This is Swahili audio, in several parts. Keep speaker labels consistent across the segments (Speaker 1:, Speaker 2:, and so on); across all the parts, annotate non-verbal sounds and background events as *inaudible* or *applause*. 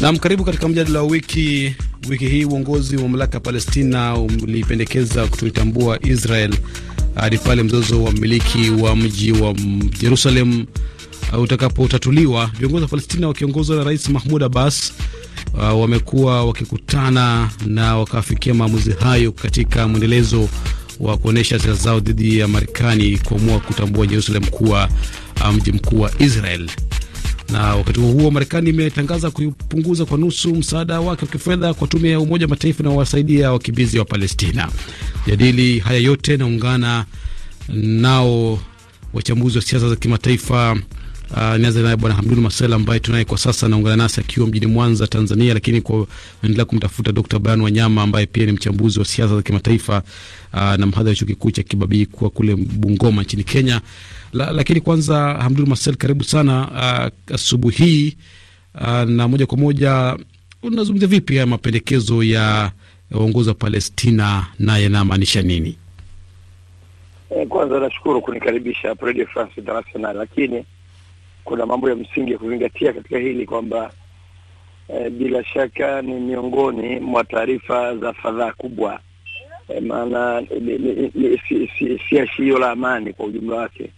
Speaker 1: Nam, karibu katika mjadala wa wiki. Wiki hii uongozi wa mamlaka ya Palestina ulipendekeza kutoitambua Israel hadi pale mzozo wa mmiliki wa mji wa Jerusalem uh, utakapotatuliwa. Viongozi wa Palestina wakiongozwa na Rais Mahmud Abbas uh, wamekuwa wakikutana na wakafikia maamuzi hayo katika mwendelezo wa kuonyesha sera zao dhidi ya Marekani kuamua kutambua Jerusalem kuwa uh, mji um, mkuu wa Israel. Na wakati huo huo, Marekani imetangaza kupunguza kwa nusu msaada wake wa kifedha kwa tume ya Umoja wa Mataifa wasaidia wakimbizi wa Palestina. Jadili haya yote naungana nao wachambuzi wa siasa za kimataifa Uh, ah, nianza naye Bwana Hamdun Masel ambaye tunaye kwa sasa anaungana nasi akiwa mjini Mwanza, Tanzania, lakini kwa naendelea kumtafuta Dr. Brian Wanyama ambaye pia ni mchambuzi wa siasa za kimataifa uh, na mhadhiri wa chuo kikuu cha Kibabii kwa kule Bungoma nchini Kenya. La, lakini kwanza Hamdun Masel, karibu sana uh, asubuhi hii uh, na moja kwa moja unazungumzia vipi haya mapendekezo ya uongozi wa Palestina na yanamaanisha nini?
Speaker 2: Eh, kwanza nashukuru kunikaribisha Radio France International, lakini kuna mambo ya msingi ya kuzingatia katika hili kwamba e, bila shaka ni miongoni mwa taarifa za fadhaa kubwa e, maana si, si, si la amani kwa ujumla wake,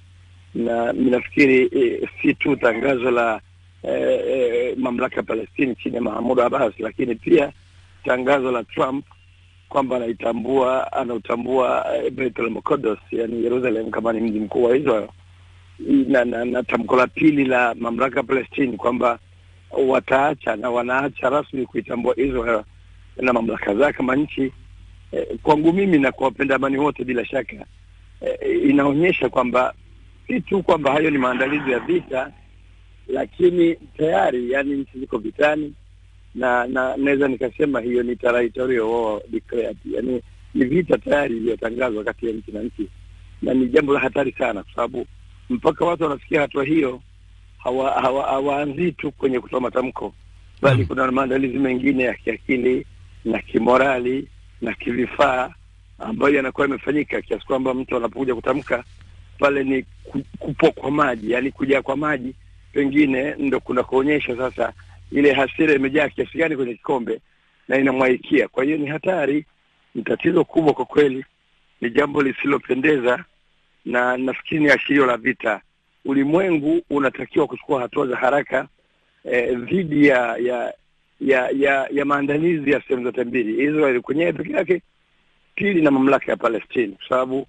Speaker 2: na minafikiri e, eh, si tu tangazo la e, e, mamlaka ya Palestini chini ya mahamud Abbas, lakini pia tangazo la Trump kwamba anaitambua anautambua Baitul Muqaddas, yani Yerusalem kama ni mji mkuu wa Israel na, na, na tamko la pili la mamlaka ya Palestini kwamba wataacha na wanaacha rasmi kuitambua Israel na mamlaka zake kama nchi eh, kwangu mimi na kwa wapenda amani wote bila shaka eh, inaonyesha kwamba si tu kwamba hayo ni maandalizi ya vita, lakini tayari yani nchi ziko vitani, na na naweza nikasema hiyo ni territorial war declared, yani ni vita tayari iliyotangazwa kati ya nchi na nchi, na ni jambo la hatari sana kwa sababu mpaka watu wanafikia hatua hiyo, hawaanzii hawa, hawa tu kwenye kutoa matamko, bali mm. kuna maandalizi mengine ya kiakili na kimorali na kivifaa ambayo yanakuwa yamefanyika kiasi kwamba mtu anapokuja kutamka pale ni kupwa kwa maji, yani kujaa kwa maji, pengine ndo kuna kuonyesha sasa ile hasira imejaa kiasi gani kwenye kikombe na inamwaikia. Kwa hiyo ni hatari, ni tatizo kubwa kwa kweli, ni jambo lisilopendeza na nafikiri ni ashirio la vita. Ulimwengu unatakiwa kuchukua hatua za haraka eh, dhidi eh, ya ya ya ya, ya maandalizi ya sehemu zote mbili, Israel kwenyewe peke yake, pili na mamlaka ya Palestine, kwa sababu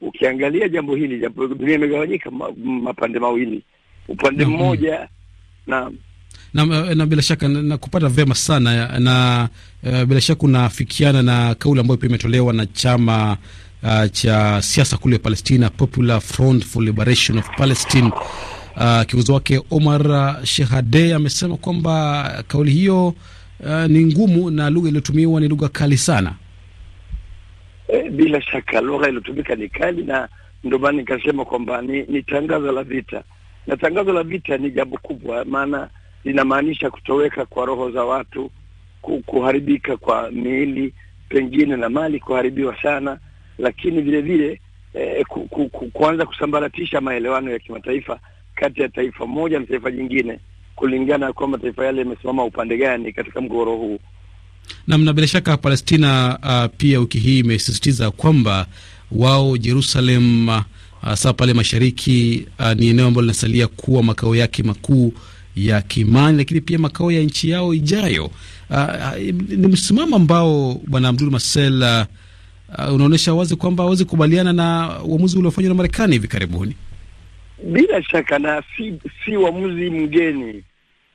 Speaker 2: ukiangalia jambo hili, jambo dunia imegawanyika mapande mawili, upande mhm. mmoja na
Speaker 1: na, na bila shaka nakupata na vyema sana na, na uh, eh, bila shaka unafikiana na kauli ambayo pia imetolewa na chama uh, cha siasa kule Palestina, Popular Front for Liberation of Palestine. Uh, kiongozi wake Omar uh, shehade amesema kwamba kauli hiyo uh, ni ngumu na lugha iliyotumiwa ni lugha kali sana.
Speaker 2: E, bila shaka lugha iliyotumika ni kali, na ndio maana nikasema kwamba ni, ni tangazo la vita, na tangazo la vita ni jambo kubwa, maana linamaanisha kutoweka kwa roho za watu, kuharibika kwa miili, pengine na mali kuharibiwa sana lakini vile vile eh, ku, ku, ku, kuanza kusambaratisha maelewano ya kimataifa kati ya taifa moja na taifa jingine kulingana na kwamba taifa yale yamesimama upande gani katika mgogoro
Speaker 3: huu.
Speaker 1: na bila shaka Palestina uh, pia wiki hii imesisitiza kwamba wao Jerusalem uh, pale mashariki uh, ni eneo ambalo linasalia kuwa makao yake makuu ya kimani, lakini pia makao ya nchi yao ijayo. Uh, ni msimamo ambao bwana Abdul Masel uh, uh, unaonyesha wazi kwamba hawezi kubaliana na uamuzi uliofanywa na Marekani hivi karibuni.
Speaker 2: Bila shaka na si, si uamuzi mgeni,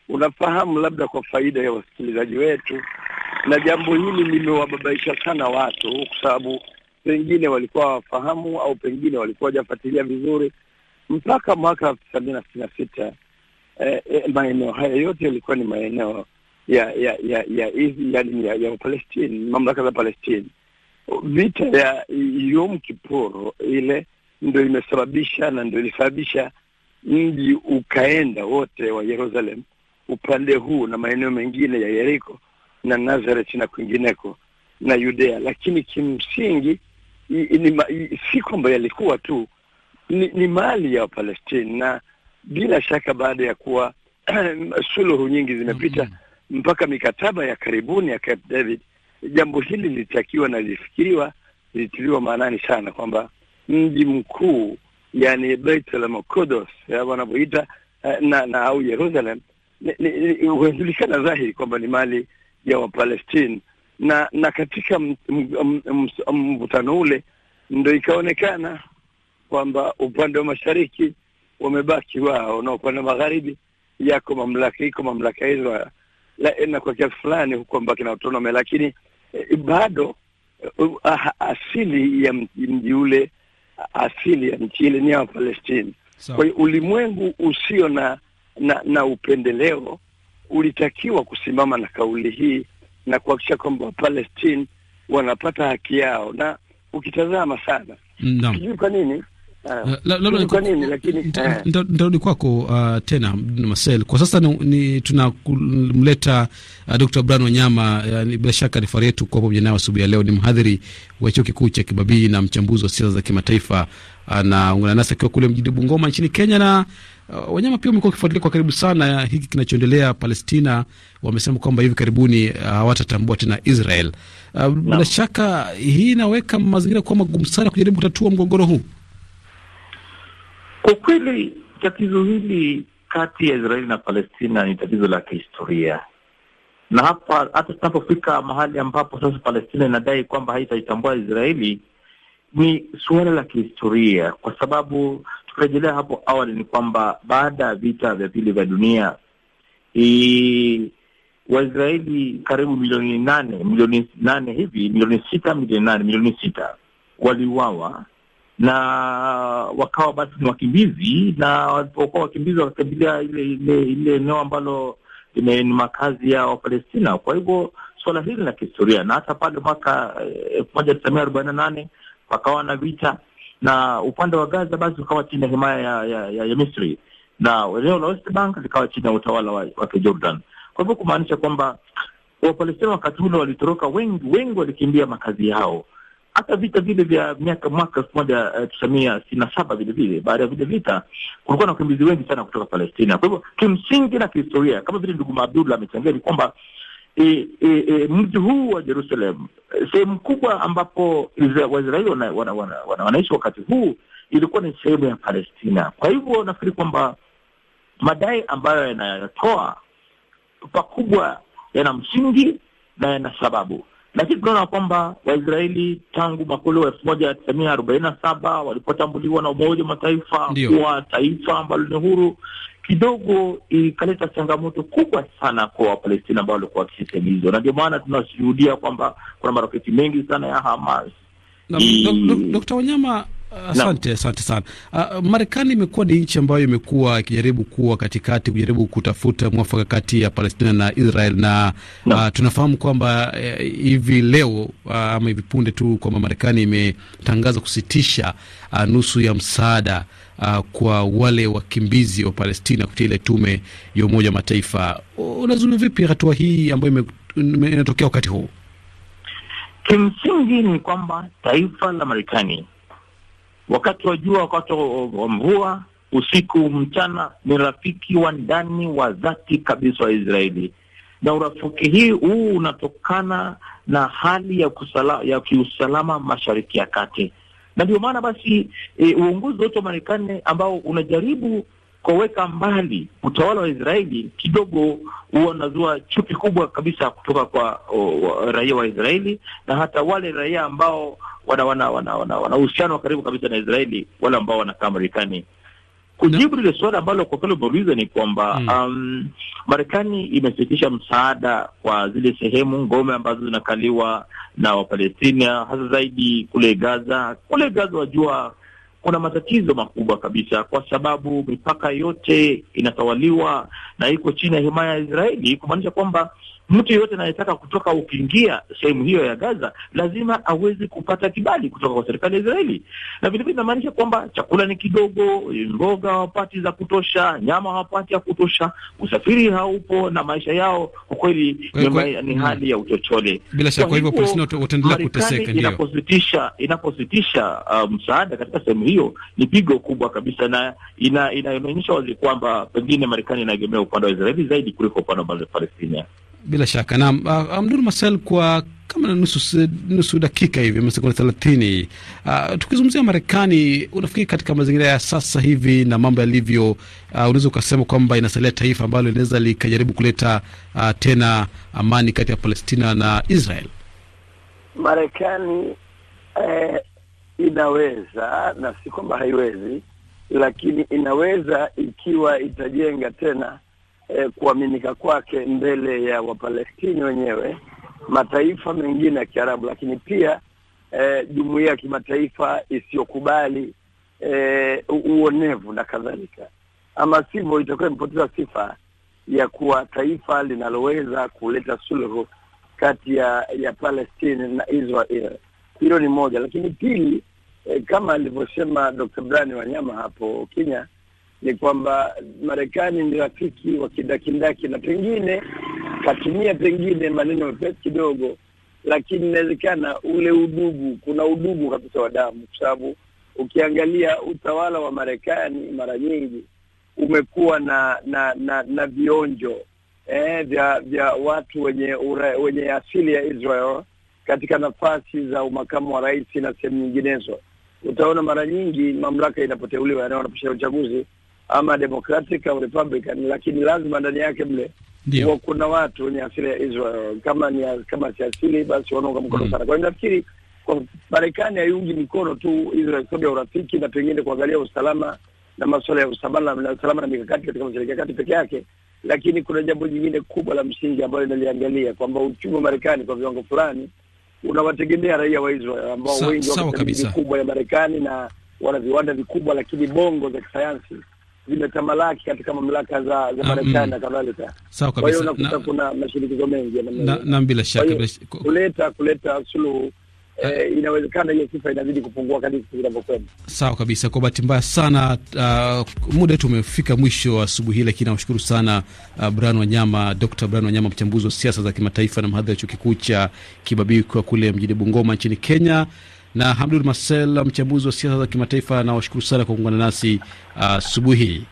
Speaker 2: unafahamu. Labda kwa faida ya wasikilizaji wetu, na jambo hili limewababaisha sana watu, kwa sababu pengine walikuwa hawafahamu au pengine walikuwa hawajafuatilia vizuri mpaka mwaka elfu sabini na sitini na sita eh, eh, maeneo haya yote yalikuwa ni maeneo ya ya ya ya ya, ya, ya, ya, ya Palestine, mamlaka za Palestine vita ya Yom Kippur ile ndo imesababisha na ndo ilisababisha mji ukaenda wote wa Yerusalem upande huu na maeneo mengine ya Yeriko na Nazareth na kwingineko na Yudea, lakini kimsingi i, i, i, si kwamba yalikuwa tu ni, ni mali ya Wapalestini, na bila shaka baada ya kuwa *clears throat* suluhu nyingi zimepita mm -hmm. mpaka mikataba ya karibuni ya Camp David jambo hili lilitakiwa na lilifikiriwa, lilitiliwa maanani sana kwamba mji mkuu yani Baitul Maqdis wanavyoita eh, na, na au Yerusalem hujulikana dhahiri kwamba ni mali ya Wapalestini na na katika mvutano ule ndo ikaonekana kwamba upande wa mashariki wamebaki wao na upande wa magharibi yako mamlaka iko mamlaka hizo, na kwa kiasi fulani huko mbaki na utonome, lakini Eh, bado eh, uh, ah, asili ya mji ule, asili ya nchi ile ni ya Palestina. Kwa hiyo ulimwengu usio na, na na upendeleo ulitakiwa kusimama na kauli hii na kuhakikisha kwamba Wapalestina wanapata haki yao, na ukitazama sana sijui kwa nini Ah.
Speaker 1: Nitarudi eh. kwako uh, tena Marcel. Kwa sasa tunamleta uh, Dr. Brian Wanyama, uh, bila shaka rifari yetu kuwa pamoja naye asubuhi ya leo. Ni mhadhiri wa chuo kikuu cha Kibabii na mchambuzi wa siasa za kimataifa, anaungana uh, nasi akiwa kule mjini Bungoma nchini Kenya. Na Uh, Wanyama, pia umekuwa ukifuatilia kwa karibu sana uh, hiki kinachoendelea Palestina. Wamesema kwamba hivi karibuni hawatatambua uh, tena Israel. Bila shaka hii inaweka mazingira kuwa magumu sana kujaribu kutatua mgogoro huu.
Speaker 3: Kwa kweli tatizo hili kati ya Israeli na Palestina ni tatizo la kihistoria, na hapa hata tunapofika mahali ambapo sasa Palestina inadai kwamba haitaitambua Israeli ni suala la kihistoria, kwa sababu tukirejelea hapo awali ni kwamba baada ya vita vya pili vya dunia i, Waisraeli karibu milioni nane milioni nane hivi milioni sita milioni nane milioni sita waliuawa na wakawa basi ni wakimbizi, na walipokuwa wakimbizi wakakimbilia ile ile ile eneo ambalo ni makazi ya Wapalestina. Kwa hivyo suala hili la kihistoria, na hata pale mwaka eh, elfu moja tisa mia arobaini na nane pakawa na vita, na upande wa Gaza basi ukawa chini ya himaya ya, ya, ya, ya Misri na eneo la West Bank likawa chini ya utawala wa, wa Jordan. Kwa hivyo kumaanisha kwamba Wapalestina wakati ule walitoroka wengi, wengi walikimbia makazi yao hata vita vile vya miaka mwaka elfu moja eh, tisa mia sitini na saba vile vile, baada ya vile vita kulikuwa na wakimbizi wengi sana kutoka Palestina. Kwa hivyo kimsingi na kihistoria, kama vile ndugu Maabdullah amechangia, ni kwamba e, e, e, mji huu wa Jerusalem eh, sehemu kubwa ambapo Waisraeli wanaishi wana, wana, wana, wana wakati huu ilikuwa ni sehemu ya Palestina. Kwa hivyo nafikiri kwamba madai ambayo yanayotoa pakubwa yana msingi na yana sababu. Lakini tunaona kwamba Waisraeli tangu wa elfu moja tisa mia arobaini na saba walipotambuliwa na Umoja wa Mataifa kuwa taifa ambalo ni huru kidogo ikaleta changamoto kubwa sana kwa Wapalestina ambao walikuwa wakisikilizwa, na ndio maana tunashuhudia kwamba kuna maroketi mengi sana ya Hamas. Dokta
Speaker 1: Wanyama, Asante, asante sana. Uh, Marekani imekuwa ni nchi ambayo imekuwa ikijaribu kuwa katikati, kujaribu kutafuta mwafaka kati ya Palestina na Israel na no. Uh, ah, tunafahamu kwamba eh, hivi leo uh, ama hivi punde tu kwamba Marekani imetangaza kusitisha uh, nusu ya msaada uh, kwa wale wakimbizi wa Palestina kupitia ile tume ya Umoja wa Mataifa. Unazungumzia vipi hatua hii ambayo inatokea wakati huu?
Speaker 3: Kimsingi ni kwamba taifa la Marekani wakati wa jua, wakati wa mvua, usiku, mchana, ni rafiki wa ndani wa dhati kabisa wa Israeli, na urafiki hii huu unatokana na hali ya, kusala, ya kiusalama mashariki ya kati, na ndio maana basi e, uongozi wote wa Marekani ambao unajaribu kuweka mbali utawala wa Israeli kidogo huwa unazua chuki kubwa kabisa kutoka kwa raia wa Israeli na hata wale raia ambao wana wana wana wana uhusiano wa karibu kabisa na Israeli, wale ambao wanakaa Marekani. Kujibu lile suala ambalo kwa kweli umeuliza ni kwamba mm. um, Marekani imesitisha msaada kwa zile sehemu ngome ambazo zinakaliwa na Wapalestina, hasa zaidi kule Gaza. Kule Gaza wajua kuna matatizo makubwa kabisa, kwa sababu mipaka yote inatawaliwa na iko chini ya himaya ya Israeli, kumaanisha kwamba mtu yeyote anayetaka kutoka ukiingia sehemu hiyo ya Gaza lazima aweze kupata kibali kutoka kwa serikali ya Israeli, na vilevile inamaanisha kwamba chakula ni kidogo, mboga hawapati za kutosha, nyama hawapati ya kutosha, usafiri haupo, na maisha yao kwa kweli ni eh, hali ya uchochole. Bila shaka, kwa hivyo Palestina wataendelea kuteseka. Ndio inapositisha inapositisha uh, msaada katika sehemu hiyo ni pigo kubwa kabisa, na inaonyesha ina, ina wazi kwamba pengine Marekani inaegemea upande wa Israeli zaidi kuliko upande wa Palestina.
Speaker 1: Bila shaka na uh, uh, Abdul Masel, kwa kama nusu, nusu dakika hivi ama sekunde thelathini, uh, tukizungumzia Marekani, unafikiri katika mazingira ya sasa hivi na mambo yalivyo, uh, unaweza ukasema kwamba inasalia taifa ambalo linaweza likajaribu kuleta uh, tena amani kati ya Palestina na Israel?
Speaker 2: Marekani eh, inaweza na si kwamba haiwezi, lakini inaweza ikiwa itajenga tena eh, kuaminika kwake mbele ya Wapalestini wenyewe, mataifa mengine ya Kiarabu, lakini pia eh, ya kimataifa isiyokubali eh, uonevu na kadhalika. Ama sivyo itakuwa imepoteza sifa ya kuwa taifa linaloweza kuleta suluhu kati ya ya Palestine na Israel. Hilo ni moja, lakini pili, eh, kama alivyosema Dr. Brani Wanyama hapo Kenya ni kwamba Marekani ni rafiki wa kindakindaki, na pengine katumia pengine maneno mepesi kidogo, lakini inawezekana ule udugu, kuna udugu kabisa wa damu, kwa sababu ukiangalia utawala wa Marekani mara nyingi umekuwa na na na, na vionjo eh, vya vya watu wenye ura, wenye asili ya Israel katika nafasi za umakamu wa rais na sehemu nyinginezo. Utaona mara nyingi mamlaka inapoteuliwa, yanao wanaposha uchaguzi ama Democratic au Republican, lakini lazima ndani yake mle ndio kuna watu wenye asili ya Israel. Kama ni kama si asili, basi wanaunga mkono mm. sana. Kwa hiyo nafikiri kwa Marekani haiungi mikono tu Israel sababu ya urafiki na pengine kuangalia usalama na masuala ya usalama na usalama na mikakati katika Mashariki ya Kati peke yake, lakini kuna jambo jingine kubwa la msingi ambalo inaliangalia kwamba uchumi wa Marekani kwa viwango fulani unawategemea raia wa Israel ambao wengi wako kubwa ya Marekani na wana viwanda vikubwa, lakini bongo za kisayansi zimetamalaki katika mamlaka za, za ah, Marekani mm. na kadhalika. Sawa kabisa, kwa hiyo unakuta kuna mashirikizo mengi
Speaker 1: na bila shaka
Speaker 2: kuleta kuleta suluhu Uh, inawezekana hiyo sifa inazidi kupungua kadri tunavyokwenda.
Speaker 1: Sawa kabisa. Kwa bahati mbaya sana, uh, muda wetu umefika mwisho wa asubuhi hii, lakini nawashukuru sana uh, Brian Wanyama, Dr. Brian Wanyama, mchambuzi wa siasa za kimataifa na mhadhiri wa chuo kikuu cha Kibabii kwa kule mjini Bungoma nchini Kenya na Hamdul Masel, mchambuzi wa siasa za kimataifa. Nawashukuru sana kwa kuungana nasi uh, asubuhi uh, hii.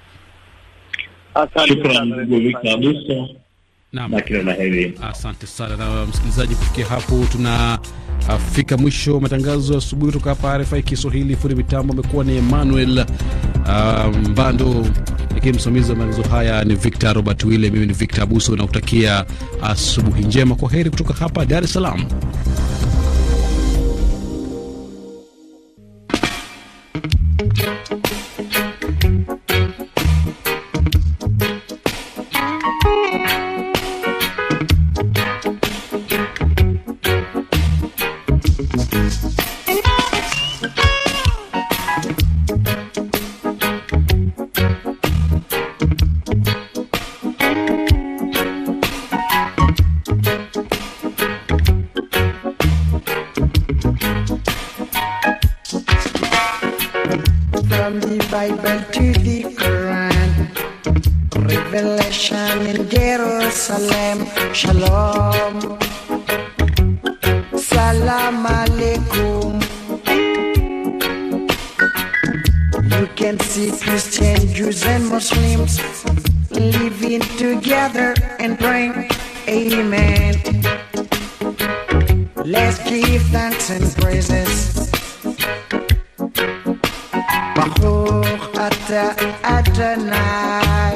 Speaker 1: Asante sana na msikilizaji, kufikia hapo tunafika mwisho matangazo ya asubuhi kutoka hapa RFI Kiswahili. Fundi mitambo amekuwa ni Emmanuel uh, Mbando, lakini msimamizi wa matangazo haya ni Victor Robert Wille. Mimi ni Victor Abuso na kutakia asubuhi njema. Kwa heri kutoka hapa Dar es Salaam.
Speaker 4: Jerusalem, Shalom. Salam Aleikum. You can see Christians, Jews, and Muslims living together and praying. Amen. Let's give thanks and praises. Baruch Adonai.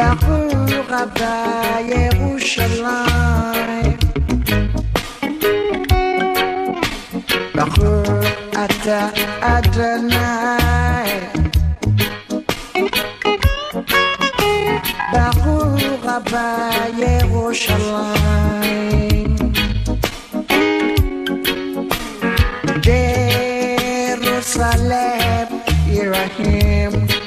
Speaker 4: בחורה בירושלים. בחור אתה אדוני. בחורה בירושלים. Jerusalem, here I am.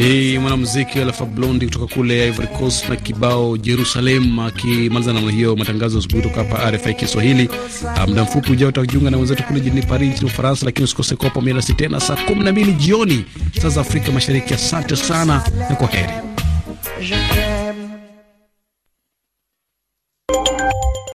Speaker 1: Ni mwanamuziki Alpha Blondy kutoka kule Ivory Coast na kibao Jerusalem, akimaliza namna hiyo matangazo ya asubuhi kutoka hapa RFI Kiswahili. Ah, muda mfupi ujao utajiunga na wenzetu kule jijini Paris nchini Ufaransa, lakini usikose kuwa pamoja nasi tena saa 12 jioni saa za Afrika
Speaker 4: Mashariki. Asante sana na kwa heri.